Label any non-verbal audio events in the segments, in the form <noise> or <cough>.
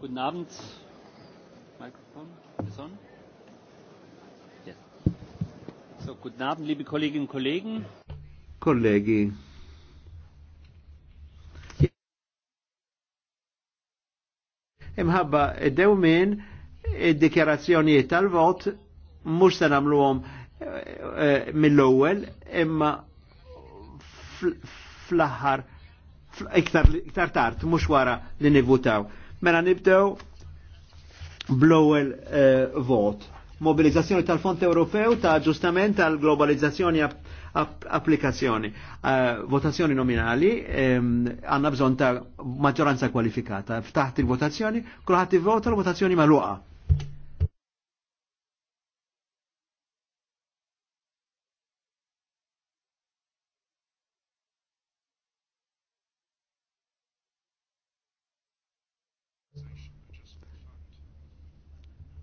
Guten Abend. Mikrofon is on. Yes. So, guten Abend, liebe Kolleginnen und Kollegen. Kollegi. Imħabba dew minn id-dikjarazzjonijiet tal-vot mux se nagħmluhom eh, eh, mill-ewwel imma fl-aħħar iktar tart, mux wara li nivutaw. Mela nibdew blowel uh, eh, vot. Mobilizzazzjoni tal-Fond Ewropew ta' ġustament tal-globalizzazzjoni ap applikazzjoni. Uh, votazzjoni nominali ehm, għandna um, bżonn ta' maġġoranza kwalifikata. Ftaħt il-votazzjoni, kulħadd ivvota l-votazzjoni magħluqa.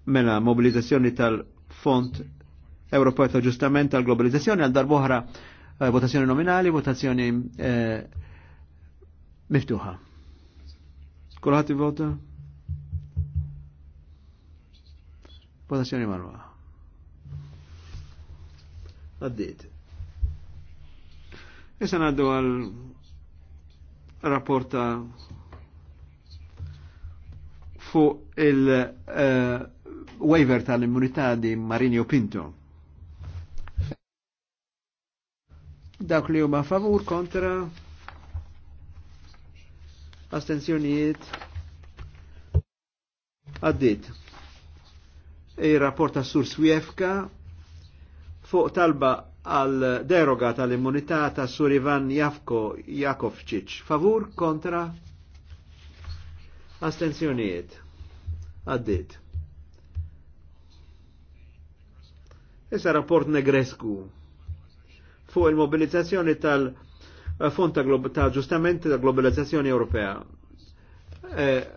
mela mobilizzazzjoni tal-Fond Ewropew ta' ġustament tal-globalizzazzjoni għal darboħra eh, votazzjoni nominali, votazzjoni eh, miftuħa. Kulħat vota? Votazzjoni marwa. Għaddit. Issa għaddu għal rapporta fuq il- eh, waiver tal-immunità di Marinio Pinto. Dak li huma favur kontra astenzjonijiet għaddit. rapport e rapporta Sur Swiefka fuq talba għal deroga tal-immunità ta' Sur Ivan Jafko Jakovčić. Favur kontra astenzjonijiet għaddit. Issa rapport negresku fuq il-mobilizzazzjoni tal-Fond ta' ġustament ta' globalizzazzjoni Ewropea. Eh,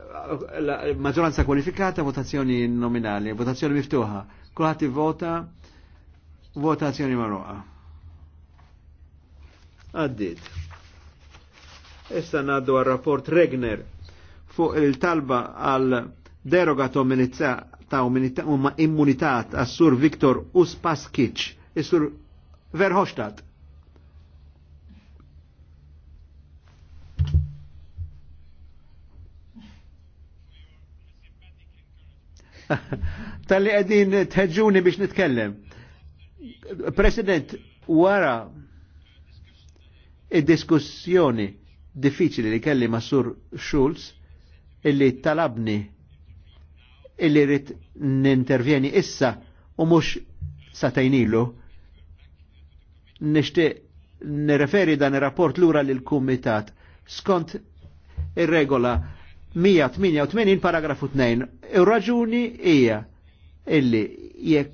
la maġoranza kwalifikata, votazzjoni nominali, votazzjoni miftuħa. Kulħat vota, votazzjoni marruqa. Għaddit. Issa naddu għal rapport Regner fuq il-talba għal deroga ta' umma immunitat għas-sur Viktor Uspaskic, is-sur Verhofstadt. <laughs> tal-li għedin tħedġuni biex nitkellem. President, wara il diskussjoni diffiċli li kelli ma' Sur Schulz illi talabni illi rrit nintervjeni issa u mux satajnilu. Nishti nireferi dan il-rapport lura l kumitat skont ir-regola 188 paragrafu 2. il raġuni hija illi jekk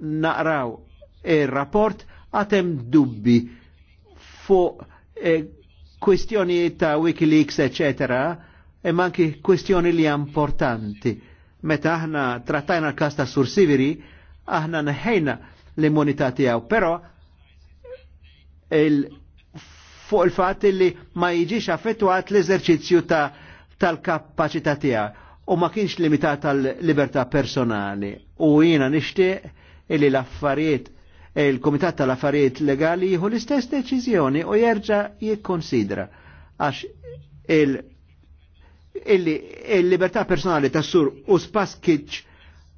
naqraw ir-rapport għatem dubbi fuq eh, kwistjoni ta' Wikileaks, eccetera, imma e anki kwestjoni li importanti. Meta aħna trattajna l-kas ta' Sur Siviri, aħna neħejna l-immunità tiegħu, però il fuq il-fatt li ma jiġix affettwat l-eżerċizzju tal-kapacità tiegħu u ma kienx limitat tal-libertà personali. U jiena nixtieq li l-affarijiet il-Komitat tal-Affarijiet Legali jieħu l-istess deċiżjoni u jerġa' jikkonsidra għax il- illi il-libertà personali tas sur u kitx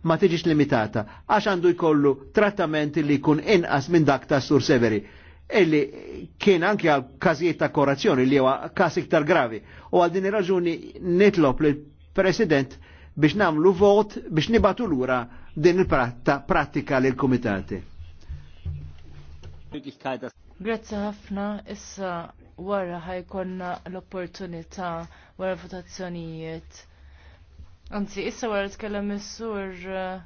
ma tiġix limitata, għax għandu jkollu trattamenti li jkun inqas minn dak tas sur severi illi kien anke għal każijiet ta' korrazzjoni li huwa każ iktar gravi. U għal din ir-raġuni nitlob lill president biex namlu vot biex nibatu lura din il-prattika lill kumitati Grazzi ħafna, issa wara ħajkonna l-opportunità wara votazzjonijiet. Anzi, issa wara tkellem is-sur eh,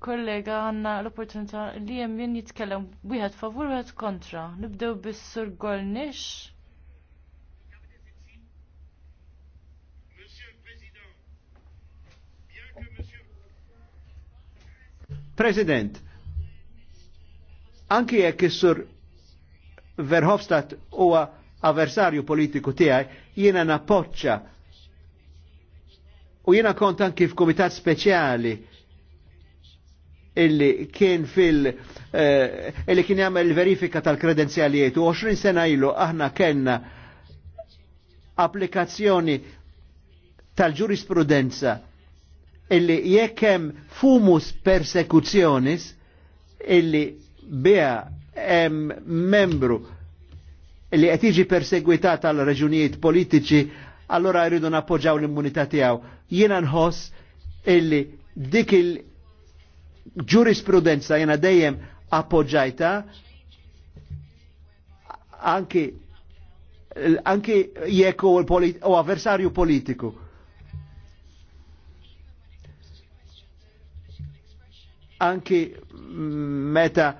kollega għanna l-opportunità li hemm jien jitkellem wieħed favur wieħed kontra. Nibdew bis-sur Golnish. President, anki jekk is-sur Verhofstadt huwa avversarju politiku tijaj, jiena napoċċa. u jiena kont anki f'kumitat speċjali illi kien fil uh, illi kien jagħmel verifika tal-kredenzjalijiet u 20 sena ilu aħna kellna applikazzjoni tal-ġurisprudenza illi jekk hemm fumus persekuzzjonis illi biha hemm membru li qed jiġi persegwitat għal raġunijiet politiċi, allora jridu nappoġġaw l-immunità tiegħu. Jiena nħoss illi dik il-ġurisprudenza jiena dejjem appoġġajta anki anki jekk u avversarju politiku. Anki meta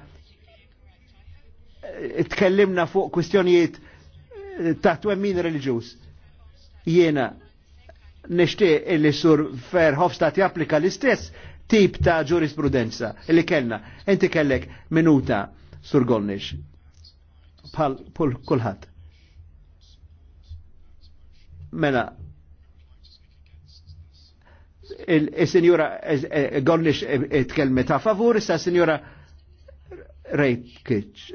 tkellimna fuq kwistjonijiet ta' twemmin reliġjuż. Jiena nixtieq li sur Verhofstadt japplika l-istess tip ta' ġurisprudenza li kellna. Inti kellek minuta sur Gonnix bħal kulħadd. Mela, il-senjura eh, eh, Gonnix eh, tkelmet ta' favur, sa senjura Rejkic,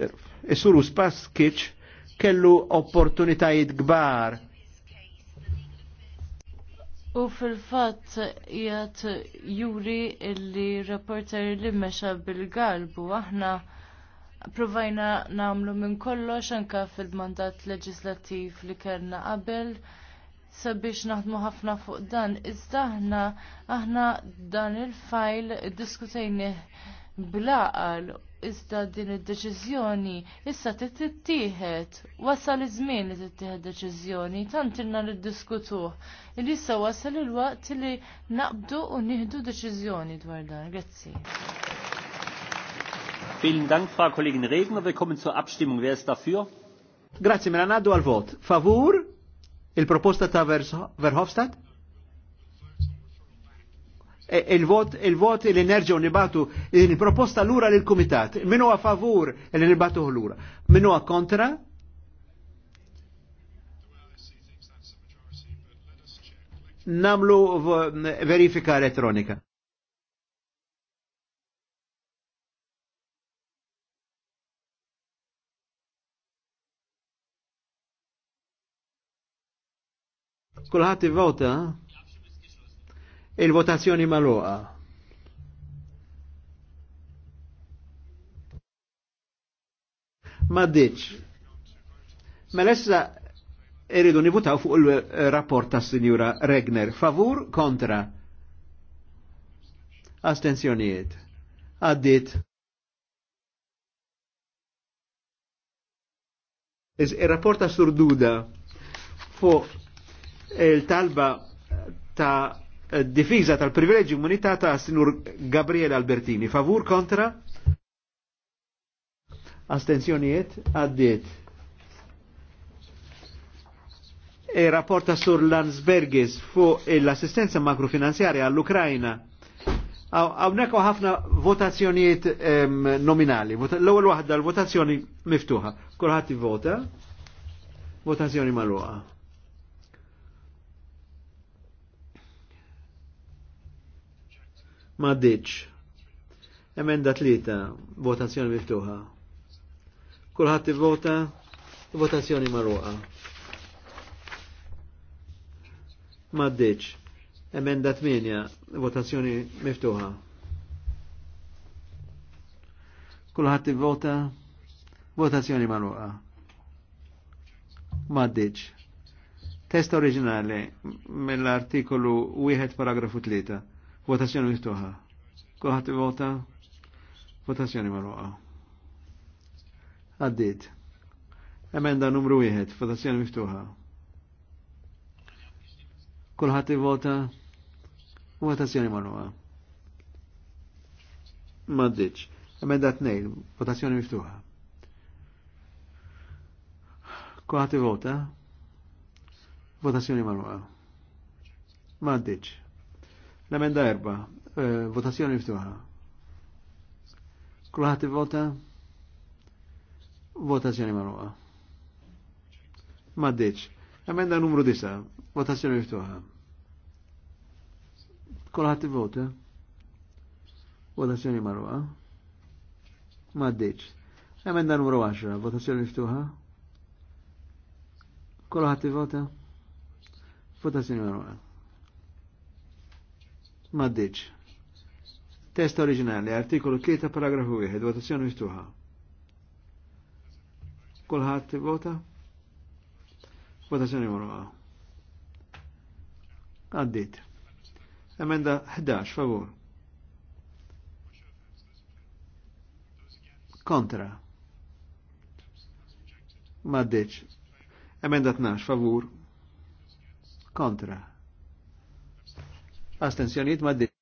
Isuru Spaskic kellu opportunitajiet gbar. U fil-fat jgħat juri illi reporter li meċa bil-galbu, aħna provajna namlu minn kollox anka fil-mandat leġislativ li kellna qabel sabiex naħdmu ħafna fuq dan. Iżda aħna aħna dan il-fajl diskutejni blaqal iżda din id-deċiżjoni issa tittieħed wasal iż-żmien li tittieħed deċiżjoni tant irna niddiskutuh li issa wasal il-waqt li naqbdu u nieħdu deċiżjoni dwar dan. Grazzi. Vielen Dank, Frau Kollegin Regner. Wir kommen zur Abstimmung. Wer ist dafür? Grazie, mela naddu għal vot. Favur il-proposta ta' Verhofstadt? E, e il-vot il-vot e li u nibatu il-proposta l-ura l-komitat. Minu huwa favur li nibatu l-ura. Minu huwa kontra? Namlu verifika elettronika. Kulħati vota eh? il-votazzjoni maluqa. Ma ddiċ. Mela issa irridu nivutaw fuq il-rapport ta' signora Regner. Favur kontra. Astenzjonijiet. Għaddit. Il-rapport ta' Surduda fuq il-talba ta' difiża tal-privileġi immunità ta' Sinur Gabriele Albertini. Favur kontra? Astenzjonijiet? Għaddiet. E rapporta sur Landsbergis fu l-assistenza makrofinanzjarja għall-Ukrajna. Għawnek ħafna votazzjonijiet nominali. L-ewwel waħda l-votazzjoni miftuħa. Kulħadd vota. Votazzjoni magħluqa. ma Emenda tlita, votazzjoni miftuħa. Kulħadd vota votazzjoni marruqa. Ma Emenda 8, votazzjoni miftuħa. Kulħadd vota votazzjoni marruqa. Ma Test oriġinali mill-artikolu 1 paragrafu 3. Votazzjoni miftuħa. Kuħat vota. Votazzjoni marruqa. Għaddit. Emenda numru 1. Votazzjoni miftuħa. Kulħat vota. Votazzjoni marruqa. Maddiċ. Emenda 2. Votazzjoni miftuħa. Kuħat vota. Votazzjoni marruqa. Maddiċ. L-emenda erba, eh, votazzjoni ftuħa. Kulħat vota votazzjoni marruqa. Maddiċ. Emenda numru 9, votazzjoni ftuħa. Kulħat vota votazzjoni marruqa. Maddiċ. Emenda numru 10, votazzjoni ftuħa. Kulħat vota votazzjoni marruqa. Maddiċ. Test oriġinali, artikolu 3, paragrafu 1, votazzjoni miftuħa. Kulħadd vota? Votazzjoni marruqa. Għaddit. Emenda 11, favur. Kontra. Maddiċ. Emenda 12, favur. Kontra astensjoniet ma' d-dib.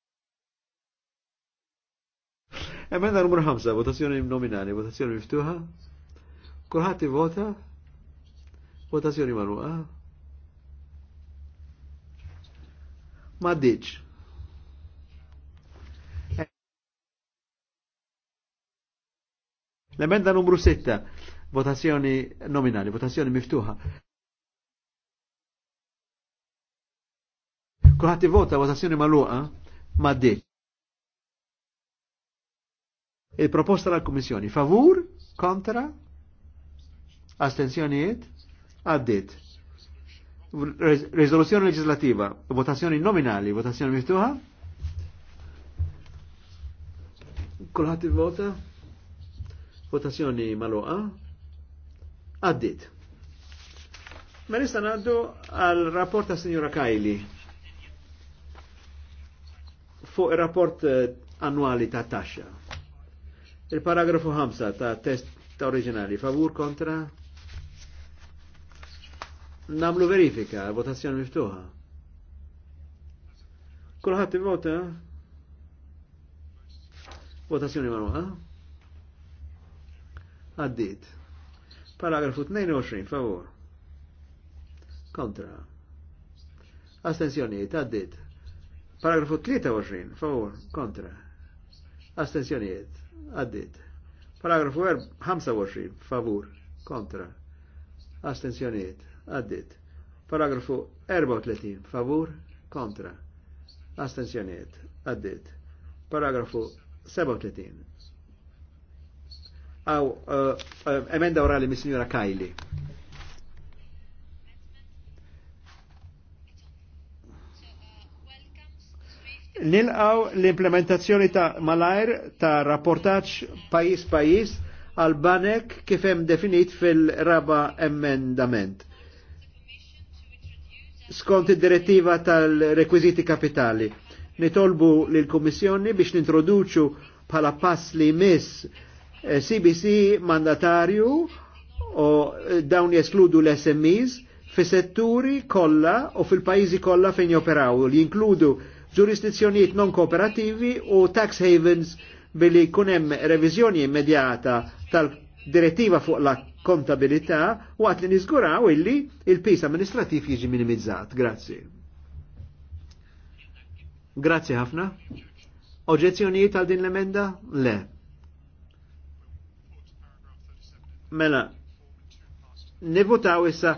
Emenda numru 5, votazzjoni nominali, votazzjoni miftuħa. Kulħadd vota, votazzjoni magħluqa. Ma d-dik. L-emenda numru 6, votazzjoni nominali, votazzjoni miftuħa. Kuħat vota votazzjoni maluqa ma ddiċ. Il-proposta tal kummissjoni favur, kontra, astenzjonijiet, għaddit. Rezoluzzjoni legislativa, votazzjoni nominali, votazzjoni miftuħa. Kulħat vota votazzjoni maluqa, għaddit. Ma nista' għal rapport ta' Signora Kajli fuq il-rapport eh, annuali ta' taxxa. Il-paragrafu 5 ta' test ta' oriġinali, favur kontra? Namlu verifika, votazzjoni miftuħa. Kulħadd ivota? Votazzjoni magħluqa? Għaddiet. Paragrafu 22, favur. Kontra. Astensjonijiet, għaddiet. Paragrafu 23, favur, kontra. Astenzjonijiet, għaddit. Paragrafu 25, favur, kontra. Astenzjonijiet, għaddit. Paragrafu 34, favur, kontra. Astenzjonijiet, għaddit. Paragrafu 37. Aw, uh, uh, emenda orali mis-signora Kajli. Nilqaw l-implementazzjoni ta' malajr ta' rapportaċ pajis pajis għal banek kif hemm definit fil-raba emendament. Skont id-direttiva tal-rekwiziti kapitali. Nitolbu l komissjoni biex nintroduċu bħala pass li miss CBC eh, mandatarju u eh, dawn jeskludu l-SMEs fi setturi kolla u fil-pajizi kolla fejn joperaw li jinkludu ġurisdizzjonijiet non kooperativi u tax havens billi kunem revizjoni immedjata tal-direttiva fuq la kontabilità u għat li nizguraw illi il-pis amministrativ jiġi minimizzat. Grazzi. Grazzi ħafna. Oġezzjonijiet għal din l-emenda? Le. Mela, nivutaw issa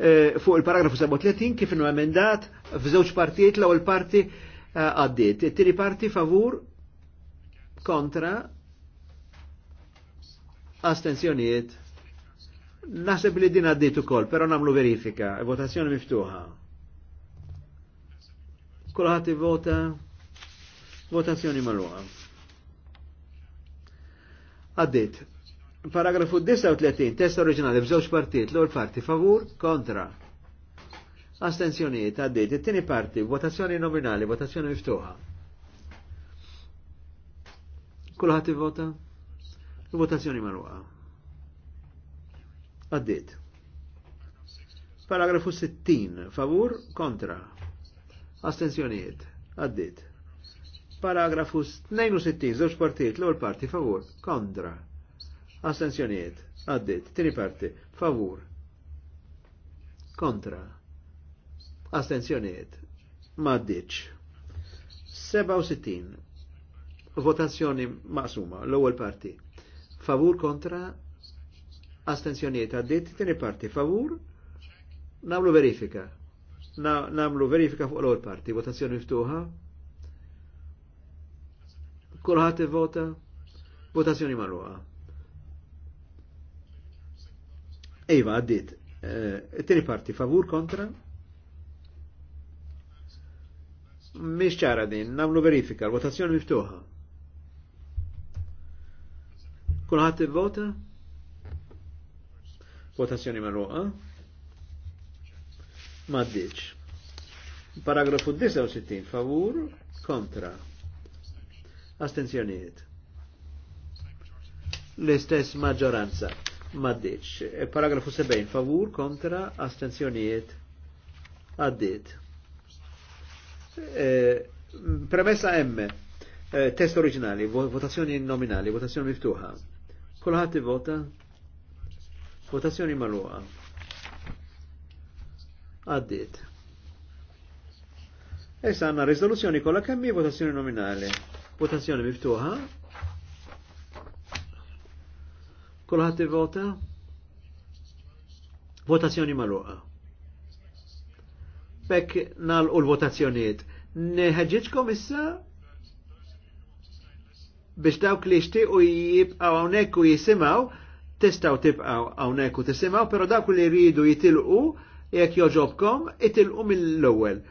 eh, fuq il-paragrafu 37 kif nu emendat f'żewġ partijiet l-ewwel parti Eh, għaddit. Tiri parti favur kontra astenzjonijiet. Naseb li din u ukoll, però namlu verifika, votazzjoni miftuħa. Kulħadd vota votazzjoni magħluqa. Għaddit. Paragrafu 39, test oriġinali b'żewġ partijiet, l għol parti favur kontra astensjonijiet għaddejt, It-tieni parti, votazzjoni nominali, votazzjoni miftuħa. Kulħadd vota? Votazzjoni marwaqa. Għaddejt. Paragrafu 60, favur, kontra. Astensjonijiet, għaddejt. Paragrafu 62, zoċ partijiet, l għol parti favur, kontra. Astensjonijiet, għaddit. Tieni parti, favur, kontra Astenzjoniet. Maddiċ. 67. Votazzjoni maqsuma, l-ewwel parti. Favur kontra astenzjoniet għaddit, tieni parti favur, namlu verifika. Na, namlu verifika fuq l-ewwel parti, votazzjoni miftuħa. Kulħadd ivvota, votazzjoni marruqa. Iva, għaddit. Uh, tieni parti favur kontra, Mish ċara din, namlu verifika, l-votazzjoni miftuħa. Kulħadd ivvota? Votazzjoni magħluqa? M'għaddiċ. Paragrafu 69 favur kontra. Astenzjonijiet. L-istess maġġoranza. M'għaddiċ. E paragrafu 70 favur kontra astenzjonijiet. Għaddiet. Eh, premessa M, eh, test originali, votazzjoni nominali, votazzjoni miftuħa. Kulħadd vota, votazzjoni magħluqa. Għaddiet. Issa għanna riżoluzzjoni kolla kemmi votazzjoni nominali. Votazzjoni miftuħa. Kulħadd vota. Votazzjoni magħluqa. Bekk nal u l-votazzjoniet. Neħħġiċkom issa biex dawk li u jibqaw għawnek u jisimaw, testaw tibqaw għawnek u tisimaw, pero dawk li rridu jitilqu, jekk joġobkom, jitilqu mill-ewel.